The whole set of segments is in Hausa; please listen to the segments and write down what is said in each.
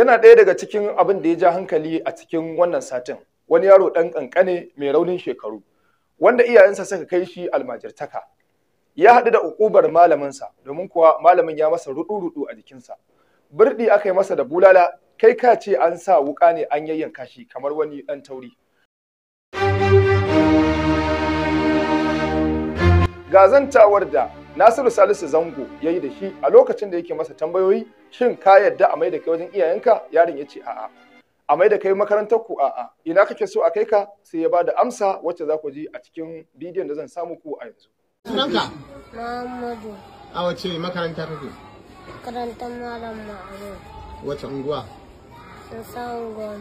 yana ɗaya daga cikin abin da ya ja hankali a cikin wannan satin wani yaro ɗan ƙanƙane mai raunin shekaru wanda iyayensa suka kai shi almajirtaka ya haɗu da uƙubar malaminsa domin kuwa malamin ya masa ruɗu-ruɗu a jikinsa birɗi aka yi masa da bulala kai ka ce an sa wuƙa ne an yayyanka shi kamar wani ɗan tauri gazantawar da nasiru salisu zango ya yi da shi a lokacin da yake masa tambayoyi shin ka yadda a mai da kai wajen iyayenka Yarin ya ce a'a a mai da kai makarantar ku a'a ina kake so a kai ka sai ya ba da amsa wacce za ku ji a cikin bidiyon da zan samu ku a yanzu sunanka Muhammadu a wace makaranta kake makarantar malam ma'aru wace unguwa sun sa unguwa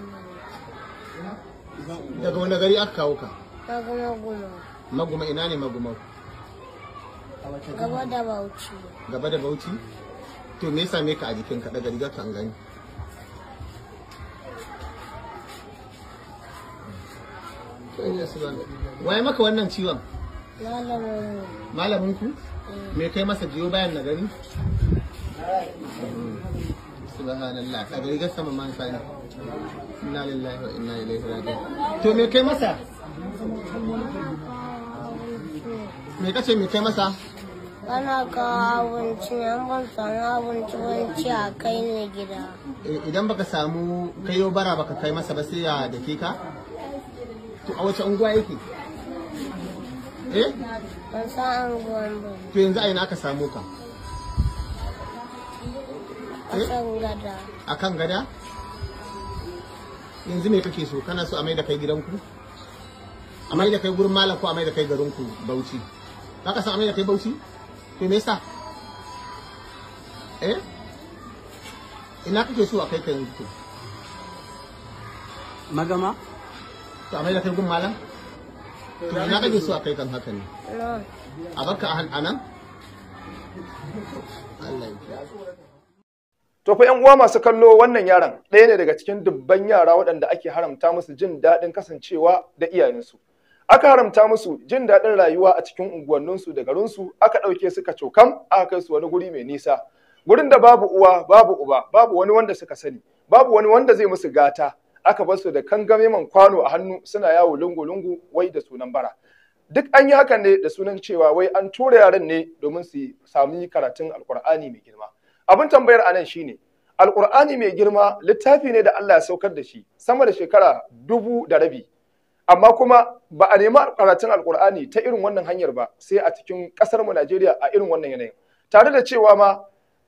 daga wani gari aka kawo ka daga maguma maguma ina ne maguma gaba da bauchi gaba da bauchi to me yasa me ka a jikin ka daga rigar kan gani waye maka wannan ciwon malamin ku eh. me kai masa jiyo bayan na gani subhanallah daga rigar sama man sani inna lillahi wa inna ilaihi raji'un to me kai masa me kace me kai masa Kana kawo abinci an ban samu abinci ban ci a kai ne gida. Eh, idan baka samu kayo bara baka kai masa ba sai ya dake ka? To a wace unguwa yake? Eh? Ban san unguwan ba. To yanzu a ina aka samu ka? A eh? kan gada. A kan gada? Yanzu me kake so? Kana so a mai da kai gidanku? a mai da kai gurin malam ko a mai da kai garin ku bauchi baka ka san a mai da kai bauchi to me yasa eh ina kake so a kai ka yanzu magama to a mai da kai gun malam to ina kake so a kai kan haka ne a baka a anan Allah ya To fa uwa masu kallo wannan yaron ɗaya ne daga cikin dubban yara waɗanda ake haramta musu jin daɗin kasancewa da iyayensu. aka haramta musu jin daɗin rayuwa a cikin unguwanninsu da garinsu aka ɗauke suka cokam aka kai su wani guri mai nisa gurin da babu uwa babu uba babu wani wanda suka sani babu wani wanda zai musu gata aka bar su da kangame man kwano a hannu suna yawo lungu-lungu wai da sunan bara duk an yi hakan ne da sunan cewa wai an tura yaran ne domin su sami karatun alkur'ani mai girma abin tambayar anan shine alkur'ani mai girma littafi ne da Allah ya saukar da shi sama da shekara dubu da rabi amma kuma ba a nemi karatun alkur'ani ta irin wannan hanyar ba sai a cikin kasar mu Najeriya a irin wannan yanayin tare da cewa ma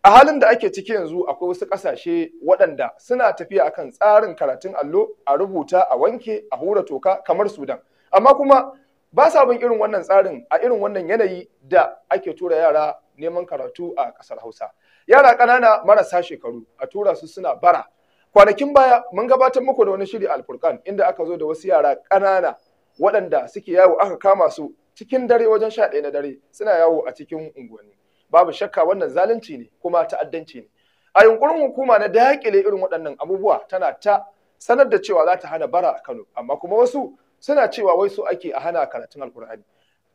a halin da ake ciki yanzu akwai wasu kasashe waɗanda suna tafiya akan tsarin karatun allo a rubuta a wanke a hura toka kamar Sudan amma kuma ba sa bin irin wannan tsarin a irin wannan yanayi da ake tura yara neman karatu a ƙasar Hausa yara ƙanana marasa shekaru a tura su suna bara Kwanakin baya mun gabatar muku da wani shiri alfurkan inda aka zo da wasu yara ƙanana waɗanda suke yawo aka kama su cikin dare wajen sha ɗaya na dare suna yawo a cikin unguwanni. Babu shakka wannan zalunci ne kuma ta'addanci ne. A yunkurin hukuma na daƙile irin waɗannan abubuwa tana ta sanar da cewa za ta hana bara a Kano amma kuma wasu suna cewa wai su ake a hana karatun Alƙur'ani.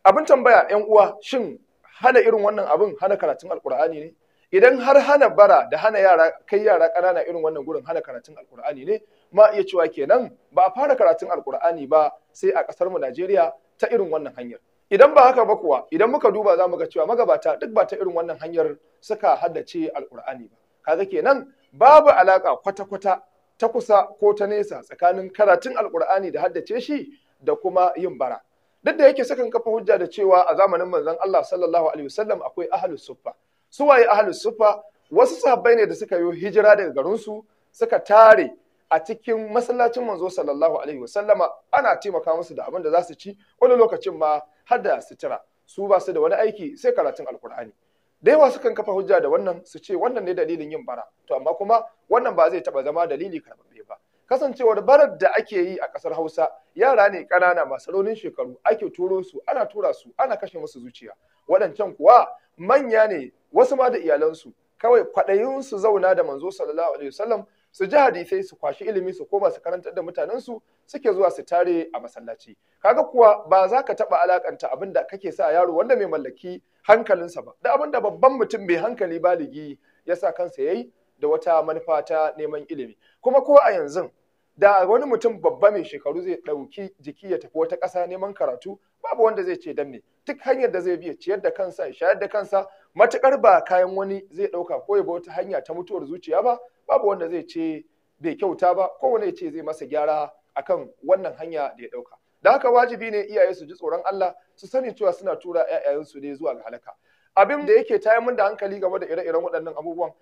Abin tambaya 'yan uwa shin hana irin wannan abin hana karatun Alƙur'ani ne? idan har hana bara da hana yara kai yara ƙanana irin wannan gurin hana karatun alkur'ani ne ma iya cewa kenan ba a fara karatun alkur'ani ba sai a ƙasar mu Najeriya ta irin wannan hanyar idan ba haka ba kuwa idan muka duba za mu ga cewa magabata duk ba ta irin wannan hanyar suka haddace alkur'ani ba kaga kenan babu alaka kwata-kwata ta kusa ko ta nesa tsakanin karatun alkur'ani da haddace shi da kuma yin bara duk da yake sakan kafa hujja da cewa a zamanin manzon Allah sallallahu alaihi wasallam akwai ahlus suffah su waye ahlus sufa wasu sahabbai ne da suka yi hijira daga garinsu suka tare a cikin masallacin manzo sallallahu alaihi wasallama ana taimaka musu da abin da za su ci wani lokacin ma har da sutura su ba su da wani aiki sai karatun alkur'ani da yawa sukan kafa hujja da wannan su ce wannan ne dalilin yin bara to amma kuma wannan ba zai taba zama dalili karbabbe ba kasancewar barar da ake yi a ƙasar Hausa yara ne ƙanana masu raunin shekaru ake turo su ana tura su ana kashe musu zuciya waɗancan kuwa manya ne wasu ma da iyalansu kawai kwaɗayin su zauna da manzo sallallahu alaihi wasallam su ji hadisai su kwashi ilimi su koma su karantar da mutanen su suke zuwa su tare a masallaci kaga kuwa ba za ka taɓa alakanta abin da kake sa yaro wanda mai mallaki hankalinsa ba da abinda babban mutum mai hankali baligi ya sa kansa yayi da wata manufa ta neman ilimi kuma ko a yanzu da wani mutum babba mai shekaru zai ɗauki jiki ya tafi wata ƙasa neman karatu babu wanda zai ce dan me duk hanyar da zai biya ciyar da kansa ya shayar da kansa matuƙar ba kayan wani zai ɗauka ko ya ba wata hanya ta mutuwar zuciya ba babu wanda zai ce bai kyauta ba kowane ya ce zai masa gyara akan wannan hanya da ya ɗauka da haka wajibi ne iyaye su ji tsoron Allah su sani cewa suna tura 'ya'yansu ne zuwa ga halaka abin da yake tayar mun da hankali game da ire-iren waɗannan abubuwan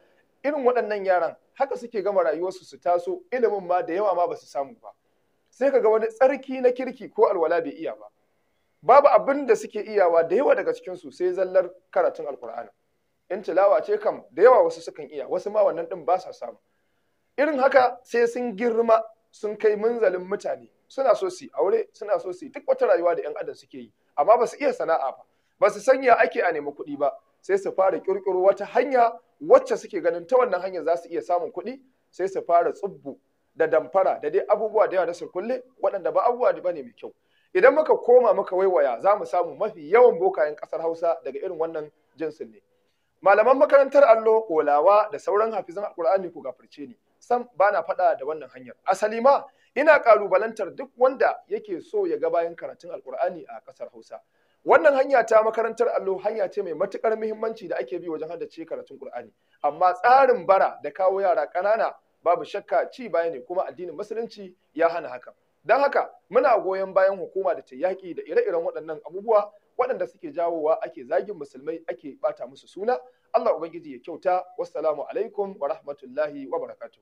irin waɗannan yaran haka suke gama rayuwarsu su taso ilimin ma da yawa ma ba su samu ba sai ka ga wani tsarki na kirki ko alwala bai iya ba babu abin da suke iyawa da yawa daga cikin su sai zallar karatun alkur'ani in tilawa ce kam da yawa wasu sukan iya wasu ma wannan din ba sa samu irin haka sai sun girma sun kai munzalin mutane suna so su aure suna so su duk wata rayuwa da yan adam suke yi amma ba su iya sana'a ba ba su sanya ake a nemi kuɗi ba sai su fara kirkiro wata hanya wacce suke ganin ta wannan hanyar za su iya samun kuɗi sai su fara tsubbu da damfara da dai abubuwa da yawa na sirkulle waɗanda ba abubuwa ba ne mai kyau idan muka koma muka waiwaya za mu samu mafi yawan bokayen ƙasar hausa daga irin wannan jinsin ne malaman makarantar allo kolawa da sauran hafizan alkur'ani ku gafarce ni sam ba na faɗa da wannan hanyar asali ma ina ƙalubalantar duk wanda yake so ya ga bayan karatun alkur'ani a ƙasar hausa wannan hanya ta makarantar allo hanya ce mai matukar muhimmanci da ake bi wajen haddace karatun Qur'ani amma tsarin bara da kawo yara ƙanana babu shakka ci baya ne kuma addinin musulunci ya hana haka don haka muna goyon bayan hukuma da ta yaƙi da ire-iren waɗannan abubuwa waɗanda suke jawowa ake zagin musulmai ake bata musu suna Allah ubangiji ya kyauta wassalamu alaikum wa rahmatullahi wa barakatuh